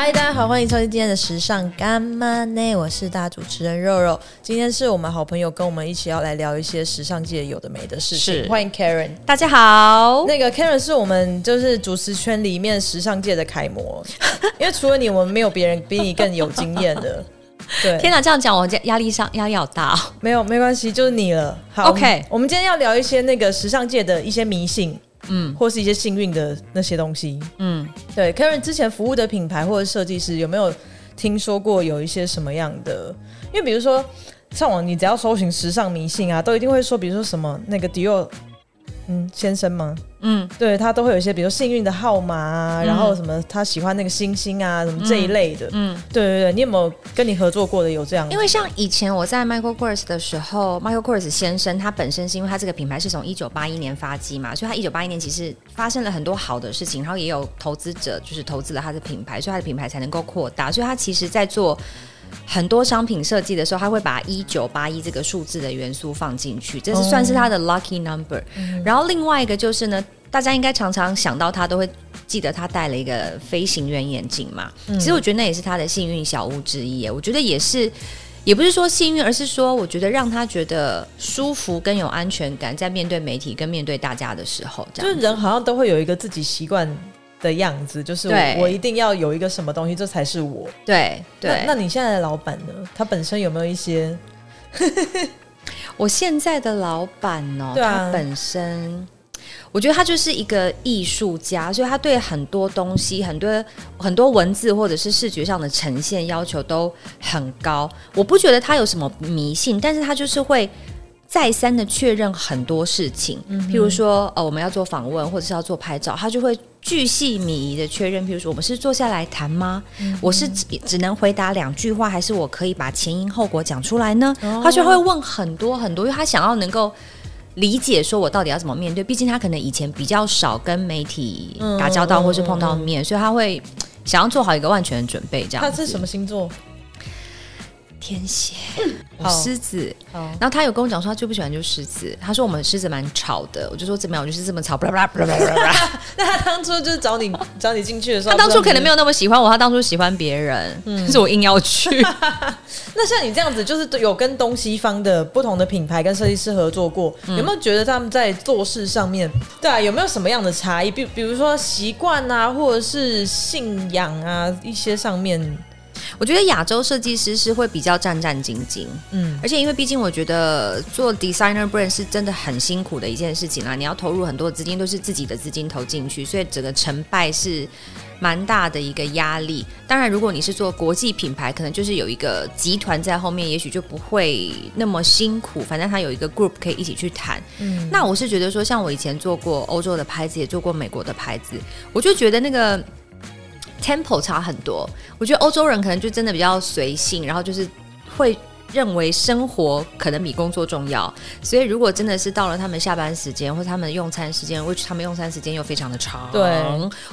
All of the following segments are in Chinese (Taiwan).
嗨，Hi, 大家好，歡迎收聽今天的時尚乾媽呢，我是大主持人肉肉。今天是我們好朋友跟我們一起要來聊一些時尚界有的沒的事情。是歡迎 Karen，大家好。那個 Karen 是我們就是主持圈裡面時尚界的楷模， 因為除了你，我們沒有別人比你更有經驗的。對，天哪、啊，這樣講我壓力上壓力好大、哦。沒有，沒關係，就是你了。好，OK，我們今天要聊一些那個時尚界的一些迷信。嗯，或是一些幸運的那些東西。嗯，對，Karen 之前服務的品牌或者設計師有沒有聽說過？有一些什麼樣的？因為比如說上網，你只要搜尋時尚迷信啊，都一定會說，比如說什麼那個 Dior。嗯，先生嗎？嗯，對，他都會有一些，比如說幸運的號碼啊，嗯，然後什麼他喜歡那個星星啊，什麼這一類的。嗯，嗯對對對，你有沒有跟你合作過的有這樣？因為像以前我在 Michael Kors 的時候，Michael Kors 先生他本身是因為他這個品牌是從一九八一年發跡嘛，所以他一九八一年其實發生了很多好的事情，然後也有投資者就是投資了他的品牌，所以他的品牌才能夠擴大，所以他其實，在做。很多商品設計的時候，他會把一九八一這個數字的元素放進去，這是算是他的 lucky number。Oh. 嗯、然後另外一個就是呢，大家應該常常想到他都會記得他戴了一個飛行員眼鏡嘛。嗯、其實我覺得那也是他的幸運小物之一。我覺得也是，也不是說幸運，而是說我覺得讓他覺得舒服跟有安全感，在面對媒體跟面對大家的時候這樣，就是人好像都會有一個自己習慣的樣子就是我，對我一定要有一個什麼東西，這才是我。對對，那，那你現在的老板呢？他本身有沒有一些？ 我現在的老板呢、喔？啊、他本身，我覺得他就是一個藝術家，所以他對很多東西、很多很多文字或者是視覺上的呈現要求都很高。我不覺得他有什麼迷信，但是他就是會再三的確認很多事情。嗯、哼譬如說，呃，我們要做訪問或者是要做拍照，他就會巨細靡遺的確認，譬如說我們是坐下來談嗎？嗯、我是只只能回答兩句話，還是我可以把前因後果講出來呢？哦、他就會問很多很多，因為他想要能夠理解說我到底要怎麼面對。畢竟他可能以前比較少跟媒體打交道，嗯、或是碰到面，嗯、所以他會想要做好一個萬全的準備。這樣，他是什麼星座？天蠍蠍。嗯獅好子，好然後他有跟我講說他最不喜歡就是獅子，他說我們獅子蠻吵的，我就說怎麼樣，我就是這麼吵。那他當初就是找你 找你進去的時候，他當初可能沒有那麼喜歡我，他當初喜歡別人，嗯、但是我硬要去。 那像你這樣子，就是有跟東西方的不同的品牌跟設計師合作過，嗯、有沒有覺得他們在做事上面，對啊，有沒有什麼樣的差異？比比如說習慣啊，或者是信仰啊，一些上面。我覺得亞洲設計師是會比較戰戰兢兢，嗯，而且因為畢竟我覺得做 designer brand 是真的很辛苦的一件事情啊，你要投入很多資金，都是自己的資金投進去，所以整個成敗是蠻大的一個壓力。當然，如果你是做國際品牌，可能就是有一個集團在後面，也許就不會那麼辛苦。反正他有一個 group 可以一起去談。嗯，那我是覺得說，像我以前做過歐洲的牌子，也做過美國的牌子，我就覺得那個。Tempo 差很多，我覺得歐洲人可能就真的比較隨性，然後就是會認為生活可能比工作重要。所以如果真的是到了他們下班時間或者他們用餐時間，或者他們用餐時間又非常的長，對，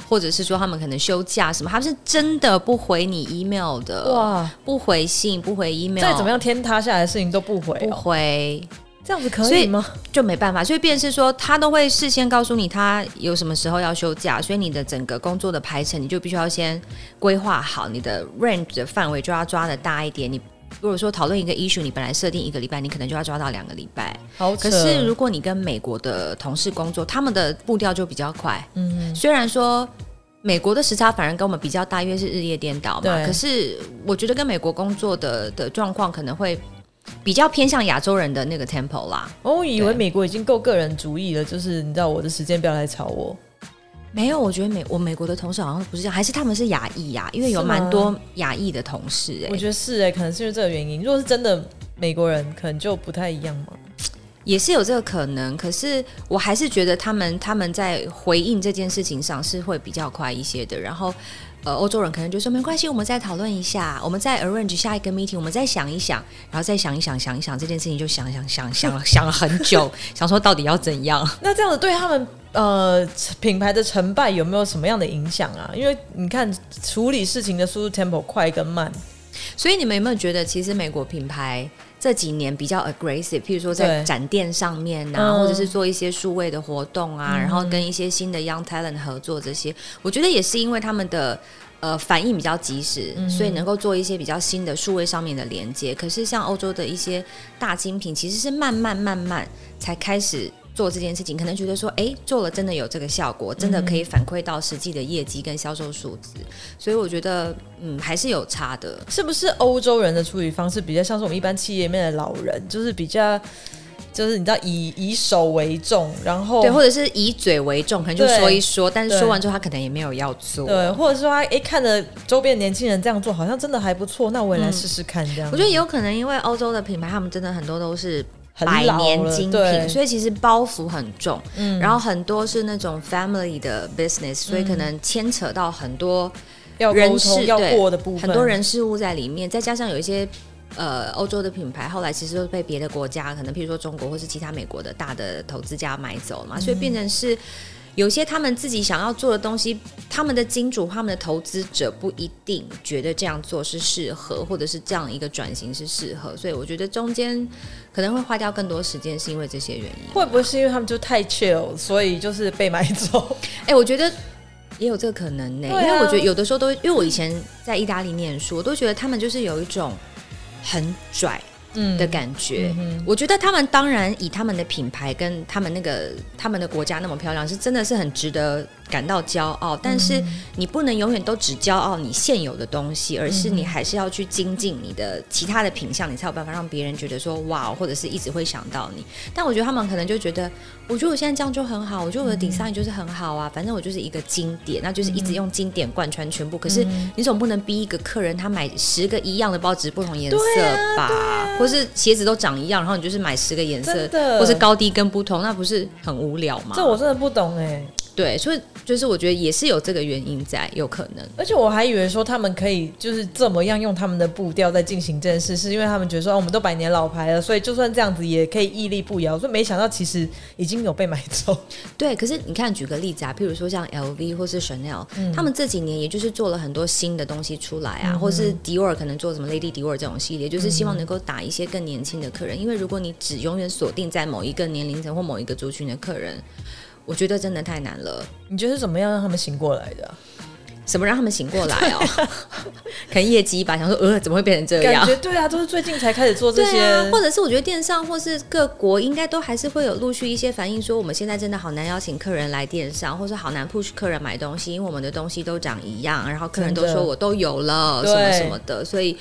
或者是說他們可能休假什麼，他們是真的不回你 email 的，哇，不回信，不回 email，再怎麼樣天塌下來的事情都不回，哦，不回。這樣子可以嗎？所以就沒辦法，所以便是說，他都會事先告訴你他有什麼時候要休假，所以你的整個工作的排程，你就必須要先規劃好你的 range 的範圍，就要抓的大一點。你如果說討論一個 issue，你本來設定一個禮拜，你可能就要抓到兩個禮拜。好扯，可是如果你跟美國的同事工作，他們的步調就比較快。嗯哼，雖然說美國的時差反而跟我們比較大，約是日夜顛倒嘛。對可是我覺得跟美國工作的的狀況可能會。比較偏向亞洲人的那個 temple 啦，哦、oh, 對，以為美國已經夠個人主義了，就是你知道我的時間不要來吵我。沒有，我覺得美我美國的同事好像不是這樣，還是他們是亞裔啊，因為有蠻多亞裔的同事哎、欸，我覺得是哎、欸，可能是因為這個原因。如果是真的美國人，可能就不太一樣嘛，也是有這個可能。可是我還是覺得他們他們在回應這件事情上是會比較快一些的，然後。呃，歐洲人可能就說沒關係，我們再討論一下，我們再 arrange 下一個 meeting，我們再想一想，然後再想一想，想一想這件事情，就想想想想，想了， 想了很久， 想說到底要怎樣。那這樣子對他們呃品牌的成敗有沒有什麼樣的影響啊？因為你看處理事情的速度 tempo 快跟慢，所以你們有沒有覺得其實美國品牌這幾年比較 aggressive，譬如說在展店上面啊，對或者是做一些數位的活動啊，嗯、然後跟一些新的 young talent 合作這些，我覺得也是因為他們的呃反應比較及時，嗯、哼所以能夠做一些比較新的數位上面的連接。可是像歐洲的一些大精品，其實是慢慢慢慢才開始。做這件事情，可能覺得說，哎、欸，做了真的有這個效果，真的可以反饋到實際的業績跟銷售數字，嗯、所以我覺得，嗯，還是有差的。是不是歐洲人的處理方式比較像是我們一般企業裡面的老人，就是比較，就是你知道以以手為重，然後對，或者是以嘴為重，可能就說一說，對但是說完之後他可能也沒有要做，對，對，或者說他哎、欸、看着周邊年輕人這樣做，好像真的還不錯，那我也來試試看。這樣，嗯，我覺得也有可能，因為歐洲的品牌，他們真的很多都是。百年精品，對所以其實包袱很重，嗯，然後很多是那種 family 的 business，、嗯、所以可能牽扯到很多人事要，對要過的部分，很多人事物在裡面，再加上有一些呃歐洲的品牌，後來其實都被別的國家，可能譬如說中國或是其他美國的大的投資家買走了嘛，嗯、所以變成是。有些他們自己想要做的東西，他們的金主、他們的投資者不一定覺得這樣做是適合，或者是這樣一個轉型是適合，所以我覺得中間可能會花掉更多時間，是因為這些原因。會不會是因為他們就太 chill，所以就是被買走？哎、欸，我覺得也有這個可能呢，欸，啊，因為我覺得有的時候都，因為我以前在意大利念書，我都覺得他們就是有一種很拽的感覺，嗯嗯、我覺得他們當然以他們的品牌跟他們那個他們的國家那麼漂亮，是真的是很值得感到驕傲，但是你不能永遠都只驕傲你現有的東西，嗯、而是你還是要去精進你的其他的品相，你才有辦法讓別人覺得說哇，或者是一直會想到你。但我覺得他們可能就覺得，我覺得我現在這樣就很好，我覺得我的 design 就是很好啊，嗯、反正我就是一個經典，那就是一直用經典貫穿全部。嗯、可是你總不能逼一個客人他買十個一樣的包，只是不同顏色吧？對啊、對啊、或是鞋子都長一樣，然後你就是買十個顏色，真的或是高低跟不同，那不是很無聊嗎？這我真的不懂哎、欸。對，所以就是我覺得也是有這個原因在，有可能。而且我還以為說他們可以就是怎麼樣用他們的步調在進行這件事，是因為他們覺得說、哦、我們都百年老牌了，所以就算這樣子也可以屹立不搖。所以沒想到其實已經有被買走。對，可是你看，舉個例子啊，譬如說像 LV 或是 Chanel，嗯、他們這幾年也就是做了很多新的東西出來啊，嗯、哼或是 Dior 可能做什麼 Lady Dior 這種系列，就是希望能夠打一些更年輕的客人。嗯、哼因為如果你只永遠鎖定在某一個年齡層或某一個族群的客人，我覺得真的太難了。你覺得是怎麼樣讓他們醒過來的啊？什麼讓他們醒過來哦、喔？ 可能業績吧，想說呃怎麼會變成這樣？感覺對啊，都是最近才開始做這些，啊、或者是我覺得電商或是各國應該都還是會有陸續一些反應，說我們現在真的好難邀請客人來電商，或是好難 push 客人買東西，因為我們的東西都長一樣，然後客人都說我都有了，的什麼什麼的，所以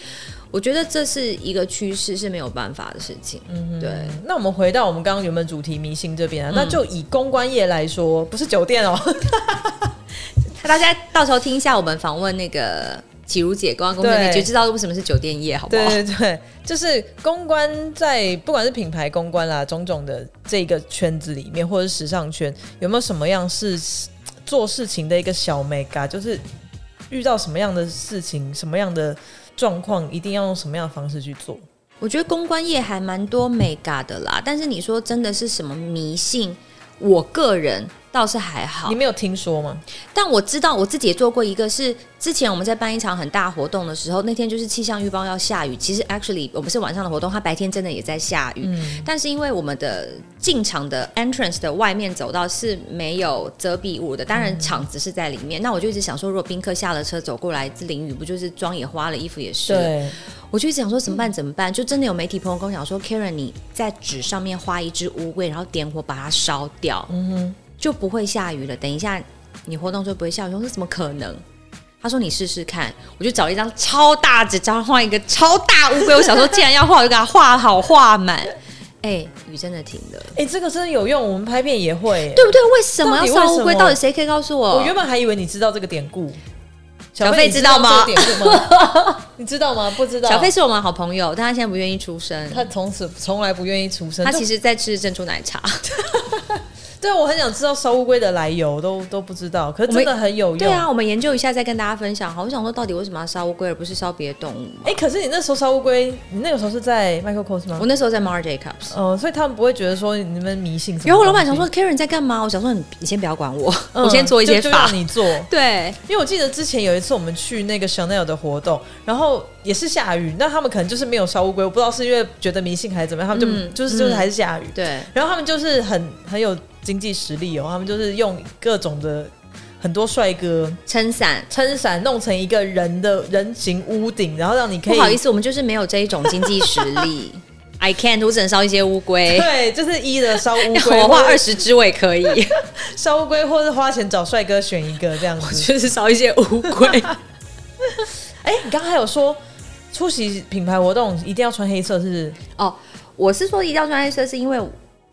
我覺得這是一個趨勢是沒有辦法的事情。嗯哼，對。那我們回到我們剛剛原本主題迷信這邊，啊，嗯、那就以公關業來說，不是酒店哦、喔。 大家到時候聽一下我們訪問那個啟如姐公關工作，你就知道為什麼是酒店業好不好？對對,對，就是公關在不管是品牌公關啦，種種的這個圈子裡面，或者是時尚圈，有沒有什麼樣是做事情的一個小 Mega 就是遇到什麼樣的事情、什麼樣的狀況，一定要用什麼樣的方式去做？我覺得公關業還蠻多 Mega 的啦，但是你說真的是什麼迷信？我個人。倒是還好，你沒有聽說嗎？但我知道，我自己也做過一個是。是之前我們在辦一場很大活動的時候，那天就是氣象預報要下雨。其實，actually，我們是晚上的活動，它白天真的也在下雨。嗯。但是因為我們的進場的 entrance 的外面走道是沒有遮蔽物的，當然場子是在裡面。嗯，那我就一直想說，如果賓客下了車走過來，淋雨不就是妝也花了，衣服也濕了。對。我就一直想說怎麼辦？怎麼辦？嗯，就真的有媒體朋友跟我講說，Karen，你在紙上面畫一隻烏龜，然後點火把它燒掉。嗯哼。就不會下雨了。等一下，你活動就不會下雨，我說怎麼可能？他說你試試看，我就找一張超大紙張，畫一個超大烏龜。 我小時候竟然要畫，我就給它畫好畫滿。哎、欸，雨真的停了。哎、欸，這個真的有用，我們拍片也會，對不對？為什麼要畫烏龜？到底誰可以告訴我？我原本還以為你知道這個典故，小飛知道嗎？你知道嗎？不知道。小飛是我們好朋友，但他現在不願意出聲。他從此從來不願意出聲。他其實在吃珍珠奶茶。 對，我很想知道燒烏龜的來由，都都不知道。可是真的很有用。對啊，我們研究一下再跟大家分享好。我想說，到底為什麼要燒烏龜，而不是燒別的動物？哎、欸，可是你那時候燒烏龜，你那個時候是在 Michael Kors 嗎？我那時候在 Marc Jacobs。J、嗯、呃，所以他們不會覺得說你們迷信麼。然後、呃、我老闆想說，Karen 在幹嘛？我想說你，你先不要管我，嗯、我先做一些法就，就讓你做。 對，因為我記得之前有一次我們去那個 Chanel 的活動，然後也是下雨，那他們可能就是沒有燒烏龜，我不知道是因為覺得迷信還是怎麼樣，他們就、嗯、就是就是還是下雨。嗯嗯、對。然後他們就是很很有。經濟實力哦、喔，他們就是用各種的很多帥哥撐傘，撐傘傘弄成一個人的人形屋頂，然後讓你可以，不好意思，我們就是沒有這一種經濟實力。 I can't，我只能燒一些烏龜。對，就是一的燒烏龜， 我畫二十隻也可以燒烏龜，或是花錢找帥哥選一個這樣子，我就是燒一些烏龜。哎、 欸，你剛剛有說出席品牌活動一定要穿黑色是不是？哦，我是說一定要穿黑色，是因為。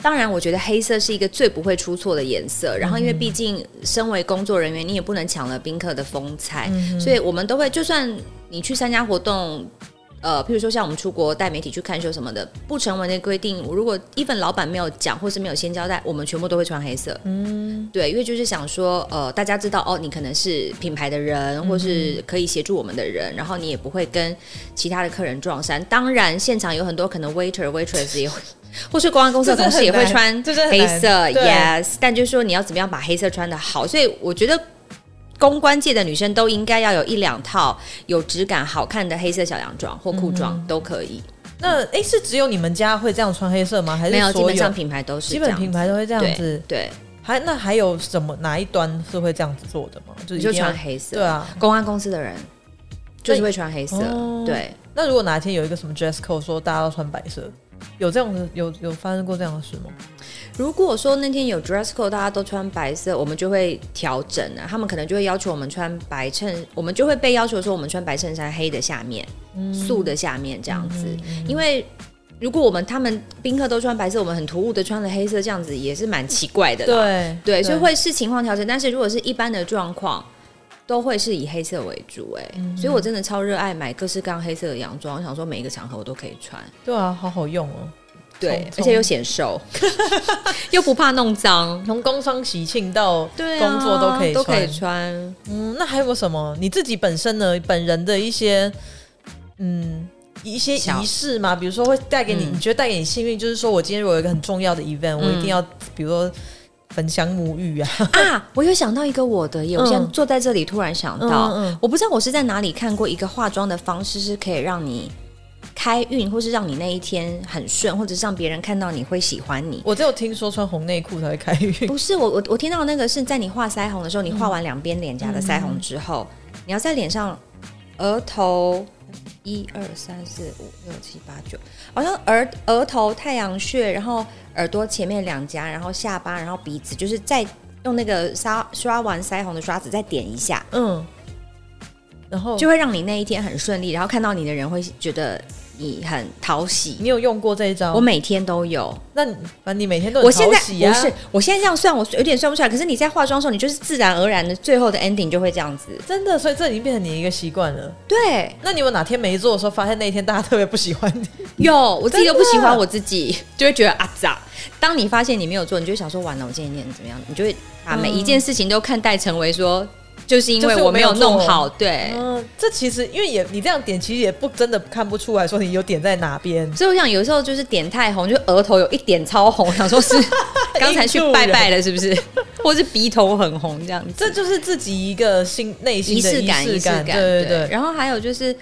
當然，我覺得黑色是一個最不會出錯的顏色。然後，因為畢竟身為工作人員，你也不能搶了賓客的風采，嗯、所以我們都會，就算你去參加活動。呃，譬如說像我們出國帶媒體去看秀什麼的，不成文的規定，如果一份老板沒有講或是沒有先交代，我們全部都會穿黑色。嗯，對，因為就是想說，呃，大家知道哦，你可能是品牌的人，或是可以協助我們的人，嗯哼，然後你也不會跟其他的客人撞衫。當然，現場有很多可能 waiter waitress 也會，或是公關公司的同事也會穿黑色、就是，yes。但就是說，你要怎麼樣把黑色穿得好？所以我覺得。公關界的女生都應該要有一兩套有質感、好看的黑色小洋裝或褲裝都可以。嗯、那誒，是只有你們家會這樣穿黑色嗎？還是所有，沒有基本上品牌都是？基本品牌都會這樣子。對，對，還那還有什麼哪一端是會這樣子做的嗎？就你就穿黑色。對啊，公關公司的人就是會穿黑色。哦、對。那如果哪一天有一個什麼 dress code 說大家都穿白色？有這樣的有有發生過這樣的事嗎？如果說那天有 dress code，大家都穿白色，我們就會調整啊。他們可能就會要求我們穿白襯，我們就會被要求說我們穿白襯衫，黑的下面，嗯、素的下面這樣子。嗯嗯、因為如果我們他們賓客都穿白色，我們很突兀的穿了黑色，這樣子也是蠻奇怪的，嗯。對對，所以會視情況調整。但是如果是一般的狀況。都會是以黑色為主哎，嗯嗯，所以我真的超熱愛買各式各樣黑色的洋裝，我想說每一個場合我都可以穿。對啊，好好用哦、喔。對，衷衷而且又顯瘦， 又不怕弄髒，從工商喜慶到工作都可以、啊、都可以穿。嗯，那還有個什麼你自己本身呢，本人的一些嗯一些儀式嘛？小比如說會帶給你，嗯、你覺得帶給你幸運，就是說我今天如果有一個很重要的 event，我一定要，嗯、比如說。焚香沐浴啊！啊，我有想到一個我的耶，嗯、我現在坐在這裡突然想到，嗯嗯嗯、我不知道我是在哪裡看過一個化妝的方式是可以讓你開運，或是讓你那一天很順，或者是讓別人看到你會喜歡你。我只有聽說穿紅內褲才會開運，不是？我我我聽到那個是在你畫腮紅的時候，你畫完兩邊臉頰的腮紅之後，嗯嗯、你要在臉上額頭。一二三四五六七八九，好像額額頭、太陽穴，然後耳朵前面兩頰，然後下巴，然後鼻子，就是再用那個刷刷完腮紅的刷子再點一下，嗯，然後就會讓你那一天很順利，然後看到你的人會覺得。你很討喜，你有用過這一招？我每天都有。那你反正你每天都、啊，我現在不是，我現在這樣算，我有點算不出來。可是你在化妝的時候，你就是自然而然的，最後的 ending 就會這樣子。真的，所以這已經變成你一個習慣了。對。那你有，有哪天沒做的時候，發現那一天大家特別不喜歡你？有，我自己都不喜歡我自己，真的，就會覺得啊咋？當你發現你沒有做，你就想說完了，我今天，今天怎麼樣？你就會把每一件事情都看待成為說。嗯就是因為我沒有弄好，對、呃，這其實因為也你這樣點，其實也不真的看不出來，說你有點在哪邊。所以我想，有時候就是點太紅，就額頭有一點超紅， 想說是剛才去拜拜了，是不是？ 或是鼻頭很紅這樣子。這就是自己一個心內心的儀式感，儀式感，感對對對。然後還有就是，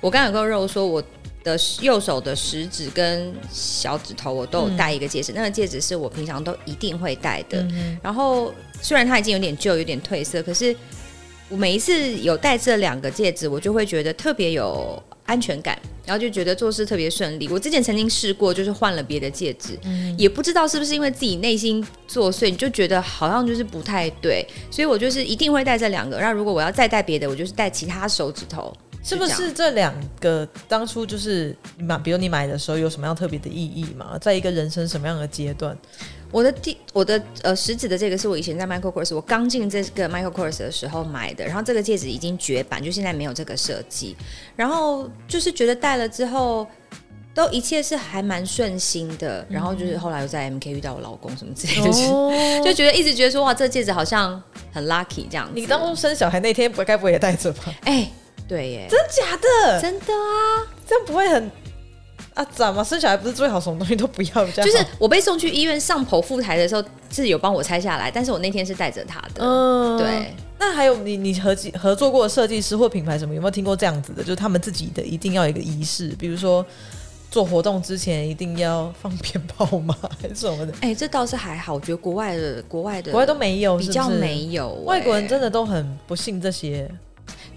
我剛才有跟肉說，我的右手的食指跟小指頭我都有戴一個戒指，嗯、那個戒指是我平常都一定會戴的。嗯、哼然後雖然它已經有點舊，有點褪色，可是，我每一次有戴這兩個戒指，我就會覺得特別有安全感，然後就覺得做事特別順利。我之前曾經試過，就是換了別的戒指，嗯、也不知道是不是因為自己內心作祟，你就覺得好像就是不太對，所以我就是一定會戴這兩個。那如果我要再戴別的，我就是戴其他手指頭。是不是這兩個當初就是你買，比如你買的時候有什麼樣特別的意義嗎？在一個人生什麼樣的階段？我的，我的第我的呃食指的這個是我以前在 Michael Kors，我剛進這個 Michael Kors 的時候買的，然後這個戒指已經絕版，就現在沒有這個設計。然後就是覺得戴了之後都一切是還蠻順心的。嗯、然後就是後來又在 MK 遇到我老公什麼之類的就是，哦、 就覺得一直覺得說哇，這戒指好像很 lucky 這樣子。你當初生小孩那天不該不會也戴着吧？哎、欸。對耶，真的假的？真的啊，這樣不會很啊髒嗎？生小孩，不是最好，什麼東西都不要。就是我被送去醫院上剖腹台的時候，是有幫我拆下來，但是我那天是帶着他的。嗯，對。那還有你，你合合作過設計師或品牌什麼？有沒有聽過這樣子的？就是他們自己的一定要有一個儀式，比如說做活動之前一定要放鞭炮嗎？還是什麼的？哎、欸，這倒是還好，我覺得國外的、國外的是是、國外都沒有、欸，比較沒有。外國人真的都很不信這些。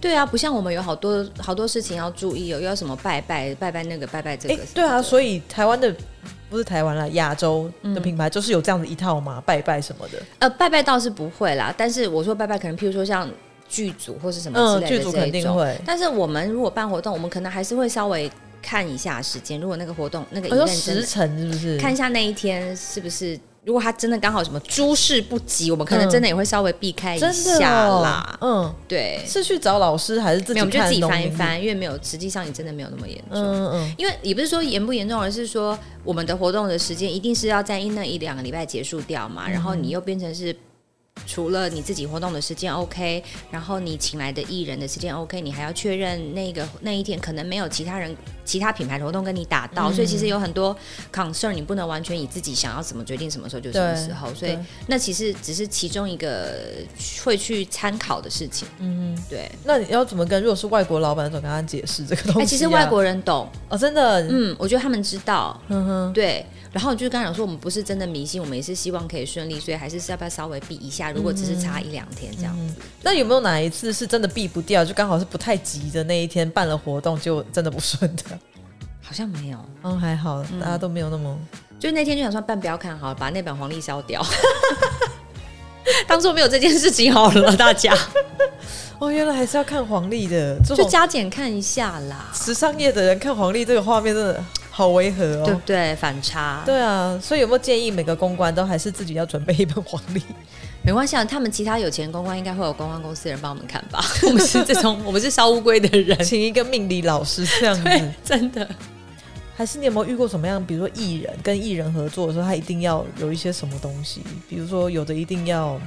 對啊，不像我們有好多好多事情要注意，有要什麼拜拜拜拜那個拜拜這個。欸、對啊，什麼？所以台灣的不是台灣啦，亞洲的品牌就是有這樣子一套嘛，嗯、拜拜什麼的。呃，拜拜倒是不會啦，但是我說拜拜，可能譬如說像劇組或是什麼之類的，嗯、劇組肯定會。但是我們如果辦活動，我們可能還是會稍微看一下時間，如果那個活動那個、啊、時辰是不是看一下那一天是不是。如果他真的剛好什麼諸事不及，我們可能真的也會稍微避開一下啦。嗯，嗯對，是去找老師還是自己？我們就自己翻一翻，因為沒有，實際上你真的沒有那麼嚴重。嗯嗯，因為也不是說嚴不嚴重，而是說我們的活動的時間一定是要在一那一兩個禮拜結束掉嘛，嗯，然後你又變成是。除了你自己活動的時間 OK，然後你請來的藝人的時間 OK，你還要確認那個那一天可能沒有其他人、其他品牌的活動跟你打到，嗯、所以其實有很多 concern，你不能完全以自己想要怎麼決定什麼時候就什麼時候，對所以對那其實只是其中一個會去參考的事情。嗯嗯，對。那你要怎麼跟如果是外國老板，怎麼跟他解釋這個東西，啊？哎、欸，其實外國人懂哦，真的。嗯，我覺得他們知道。嗯哼，對。然後我就剛想說，我們不是真的迷信，我們也是希望可以順利，所以還是要不要稍微避一下？如果只是差一兩天這樣子，嗯嗯、那有沒有哪一次是真的避不掉？就剛好是不太急的那一天辦了活動，就真的不順的？好像沒有，嗯，還好，大家都沒有那麼……嗯、就那天就想說辦不要看好了，把那本黃曆燒掉， 當做沒有這件事情好了， 大家。哦，原來還是要看黃曆的，就加減看一下啦。時尚業的人看黃曆，這個畫面真的。好違和哦，對不對？反差。對啊，所以有沒有建議每個公關都還是自己要準備一本黃曆？沒關係啊，他們其他有錢的公關應該會有公關公司的人幫我們看吧。 我們是這種，我們是燒烏龜的人，請一個命理老師這樣子，真的。還是你有沒有遇過什麼樣？比如說藝人跟藝人合作的時候，他一定要有一些什麼東西？比如說有的一定要，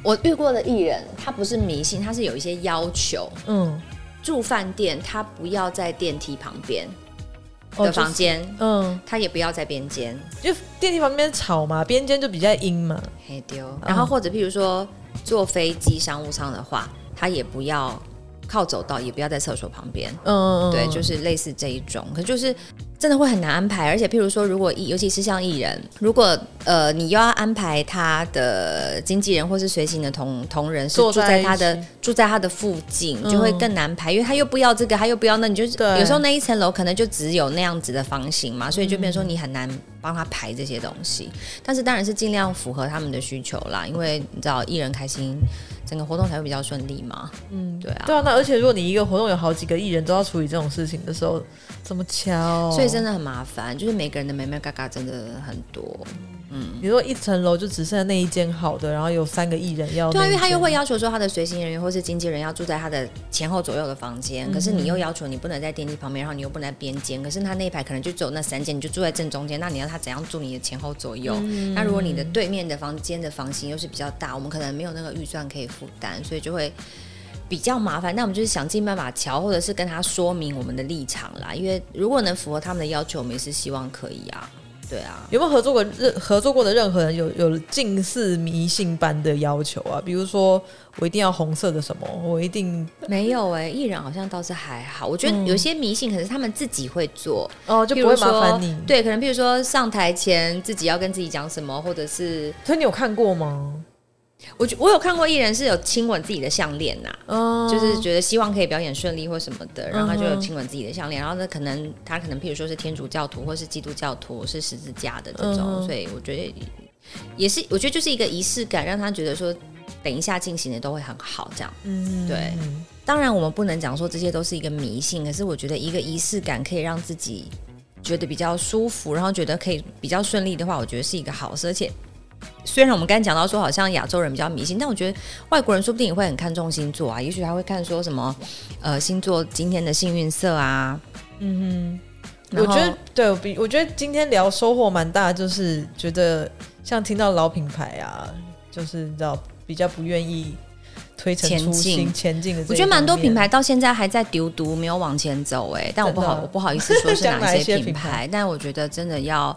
我遇過的藝人，他不是迷信，他是有一些要求。嗯，住飯店他不要在電梯旁邊的房間、哦就是，嗯，他也不要在，在邊間，就電梯旁邊吵嘛，邊間就比較陰嘛，很丟。然後或者，譬如說、嗯、坐飛機商務艙的話，他也不要靠走道，也不要在廁所旁邊，嗯，嗯，嗯，對，就是類似這一種，可是就是。真的會很難安排，而且譬如說，如果藝尤其是像藝人，如果呃你又要安排他的經紀人或是隨行的同同人是住在他的在住在他的附近，嗯、就會更難排，因為他又不要這個，他又不要那個，你就對有時候那一層樓可能就只有那樣子的房型嘛，所以就變成說你很難幫他排這些東西，嗯、但是當然是盡量符合他們的需求啦，因為你知道藝人開心，整個活動才會比較順利嘛。嗯，對啊，對啊，那而且如果你一個活動有好幾個藝人都要處理這種事情的時候，怎麼喬、啊？真的很麻煩，就是每個人的眉眉角角真的很多，嗯，比如說一層樓就只剩下那一間好的，然後有三個藝人要對，因為他又會要求說他的隨行人員或是經紀人要住在他的前後左右的房間，可是你又要求你不能在電梯旁邊，然後你又不能在邊間，可是他那一排可能就只有那三間，你就住在正中間，那你要他怎樣住你的前後左右？嗯、那如果你的對面的房間的房型又是比較大，我們可能沒有那個預算可以負擔，所以就會。比較麻煩，那我們就是想盡辦法喬，或者是跟他說明我們的立場啦。因為如果能符合他們的要求，我們也是希望可以啊。對啊，有沒有合作過任合作過的任何人有有近似迷信般的要求啊？比如說我一定要紅色的什麼，我一定沒有哎、欸。藝人好像倒是還好，我覺得有些迷信可能是他們自己會做、嗯、哦，就不會麻煩你。對，可能比如說上台前自己要跟自己講什麼，或者是，所以你有看過嗎？我覺我有看過藝人是有親吻自己的項鏈吶，Oh. 就是覺得希望可以表演順利或什麼的，然後他就有親吻自己的項鏈。Uh huh. 然後呢，可能他可能譬如說是天主教徒或是基督教徒，是十字架的這種，uh huh. 所以我覺得也是，我覺得就是一個儀式感，讓他覺得說等一下進行的都會很好這樣。嗯，uh huh. 對。當然我們不能講說這些都是一個迷信，可是我覺得一個儀式感可以讓自己覺得比較舒服，然後覺得可以比較順利的話，我覺得是一個好事，而且。雖然我們剛才講到說，好像亞洲人比較迷信，但我覺得外國人說不定也會很看重星座啊。也許還會看說什麼，呃，星座今天的幸運色啊。嗯哼，後我覺得對我比，我覺得今天聊收穫蠻大，就是覺得像聽到老品牌啊，就是你知道比較不願意推陳出新前進進前進的這。我覺得蠻多品牌到現在還在丟獨沒有往前走哎、欸，但我不好的我不好意思說是哪一些品牌， 品牌但我覺得真的要。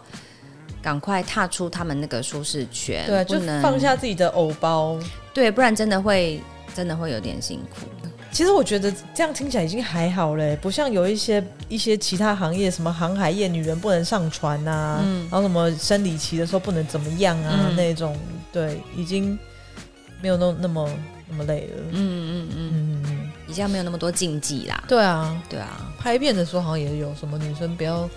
趕快踏出他們那個舒適圈，對、啊，不能就能放下自己的偶包，對，不然真的會真的會有點辛苦。其實我覺得這樣聽起來已經還好嘞、欸，不像有一些一些其他行業，什麼航海業女人不能上船吶、啊，嗯，然後什麼生理期的時候不能怎麼樣啊、嗯、那種，對，已經沒有那那麼那麼累了，嗯嗯嗯嗯嗯，已經、嗯嗯、沒有那麼多禁忌啦。對啊，對啊，拍片的時候好像也有什麼女生不要。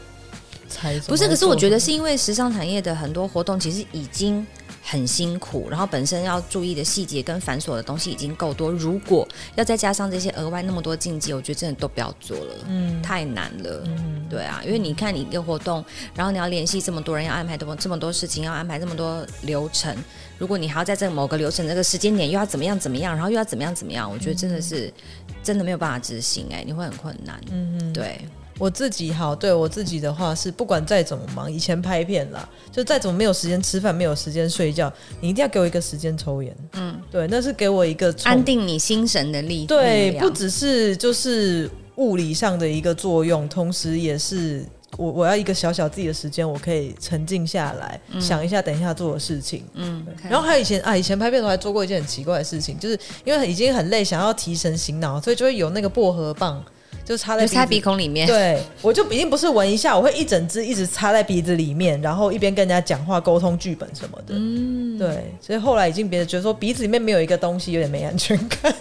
不是，可是我覺得是因為時尚產業的很多活動其實已經很辛苦，然後本身要注意的細節跟繁瑣的東西已經夠多，如果要再加上這些額外那麼多禁忌，我覺得真的都不要做了，嗯，太難了，嗯，對啊，因為你看你一個活動，然後你要聯繫這麼多人，要安排這麼這麼多事情，要安排這麼多流程，如果你還要在這個某個流程這、那個時間點又要怎麼樣怎麼樣，然後又要怎麼樣怎麼樣，我覺得真的是、嗯、真的沒有辦法執行、欸，哎，你會很困難，嗯嗯哼，對。我自己好，對我自己的話是，不管再怎麼忙，以前拍片啦，就再怎麼沒有時間吃飯，沒有時間睡覺，你一定要給我一個時間抽煙。嗯，對，那是給我一個安定你心神的力。對，量不只是就是物理上的一個作用，同時也是我我要一個小小自己的時間，我可以沉靜下來，嗯、想一下等一下做的事情。嗯，對以然後還有，以前啊，以前拍片的時候還做過一件很奇怪的事情，就是因為已經很累，想要提神醒腦，所以就會有那個薄荷棒。就插在插鼻、鼻孔裡面，對我就已經不是聞一下，我會一整支一直插在鼻子裡面，然後一邊跟人家講話溝通劇本什麼的。嗯，對，所以後來已經別人覺得說鼻子裡面沒有一個東西，有點沒安全感。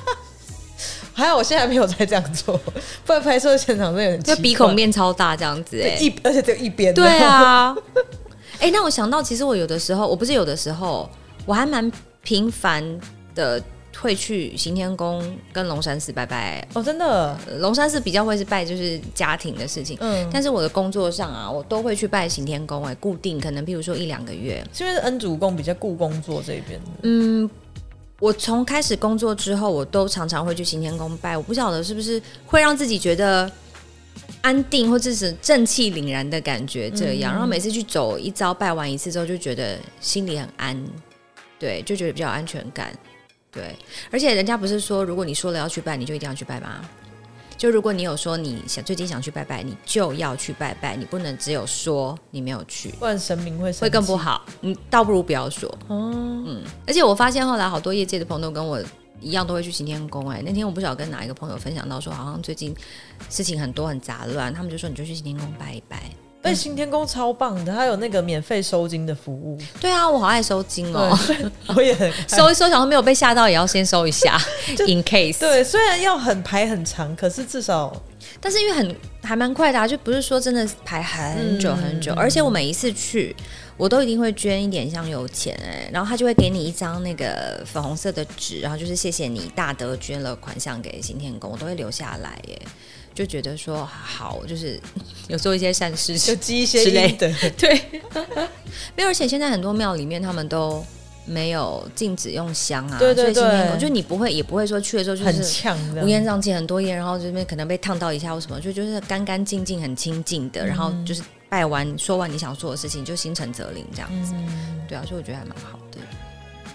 還好，我現在還沒有再這樣做，不然拍攝現場真的很就鼻孔面超大這樣子。欸，哎，一而且就一邊。對啊，哎、欸，那我想到，其實我有的時候，我不是有的時候，我還蠻頻繁的。會去行天宮跟龍山寺拜拜哦，oh, 真的呃、龍山寺比較會是拜，就是家庭的事情。嗯，但是我的工作上啊，我都會去拜行天宮哎、欸，固定可能譬如說一兩個月，是不是？恩主公比較顧工作這邊。嗯，我從開始工作之後，我都常常會去行天宮拜，我不曉得是不是會讓自己覺得安定，或者是正氣凜然的感覺這樣。嗯、然後每次去走一遭，拜完一次之後，就覺得心裡很安，對，就覺得比較安全感。對，而且人家不是說，如果你說了要去拜，你就一定要去拜嗎？就如果你有說你想最近想去拜拜，你就要去拜拜，你不能只有說你沒有去，不然神明會會更不好。你倒不如不要說嗯，嗯。而且我發現後來好多業界的朋友跟我一樣都會去行天宮哎、欸，那天我不曉得跟哪一個朋友分享到說，好像最近事情很多很雜亂，他們就說你就去行天宮拜一拜。哎，行天宮超棒的，他有那個免費收驚的服務。對啊，我好愛收驚哦、喔，我也很 收一收，想說沒有被嚇到，也要先收一下 就，in case。對，雖然要很排很長，可是至少，但是因為很還蠻快的啊，就不是說真的排很久很久。嗯、而且我每一次去，我都一定會捐一點香油錢哎、欸，然後他就會給你一張那個粉紅色的紙，然後就是謝謝你大德捐了款項給行天宮，我都會留下來耶、欸。就覺得說好，就是有做一些善事，就積一些之類的。 對， 沒有。而且現在很多廟裡面，他們都沒有禁止用香啊。對對對，對對對，就你不會，也不會說去的時候就是烏煙瘴氣，很多煙，然後這邊可能被燙到一下或什麼，就就是乾乾淨淨，很清靜的。然後就是拜完，嗯、說完你想做的事情，就心誠則靈這樣子。嗯、對啊，所以我覺得還蠻好的。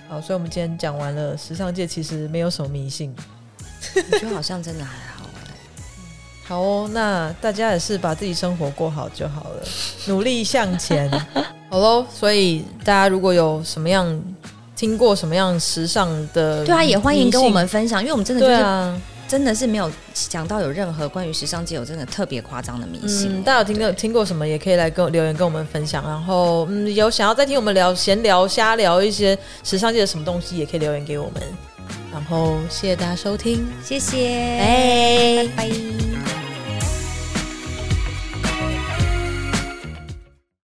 好，所以我們今天講完了，時尚界其實沒有什麼迷信， 我覺得好像真的還好。好哦，那大家也是把自己生活過好就好了，努力向前。 好嘍，所以大家如果有什麼樣聽過什麼樣時尚的迷信，對啊，也歡迎跟我們分享，因為我們真的就是對、啊、真的是沒有講到有任何關於時尚界有真的特別誇張的迷信。嗯。大家有聽到對聽過什麼也可以來跟我留言跟我們分享。然後嗯，有想要再聽我們聊閒聊瞎聊一些時尚界的什麼東西也可以留言給我們。然後謝謝大家收聽，謝謝，欸、拜拜。拜拜。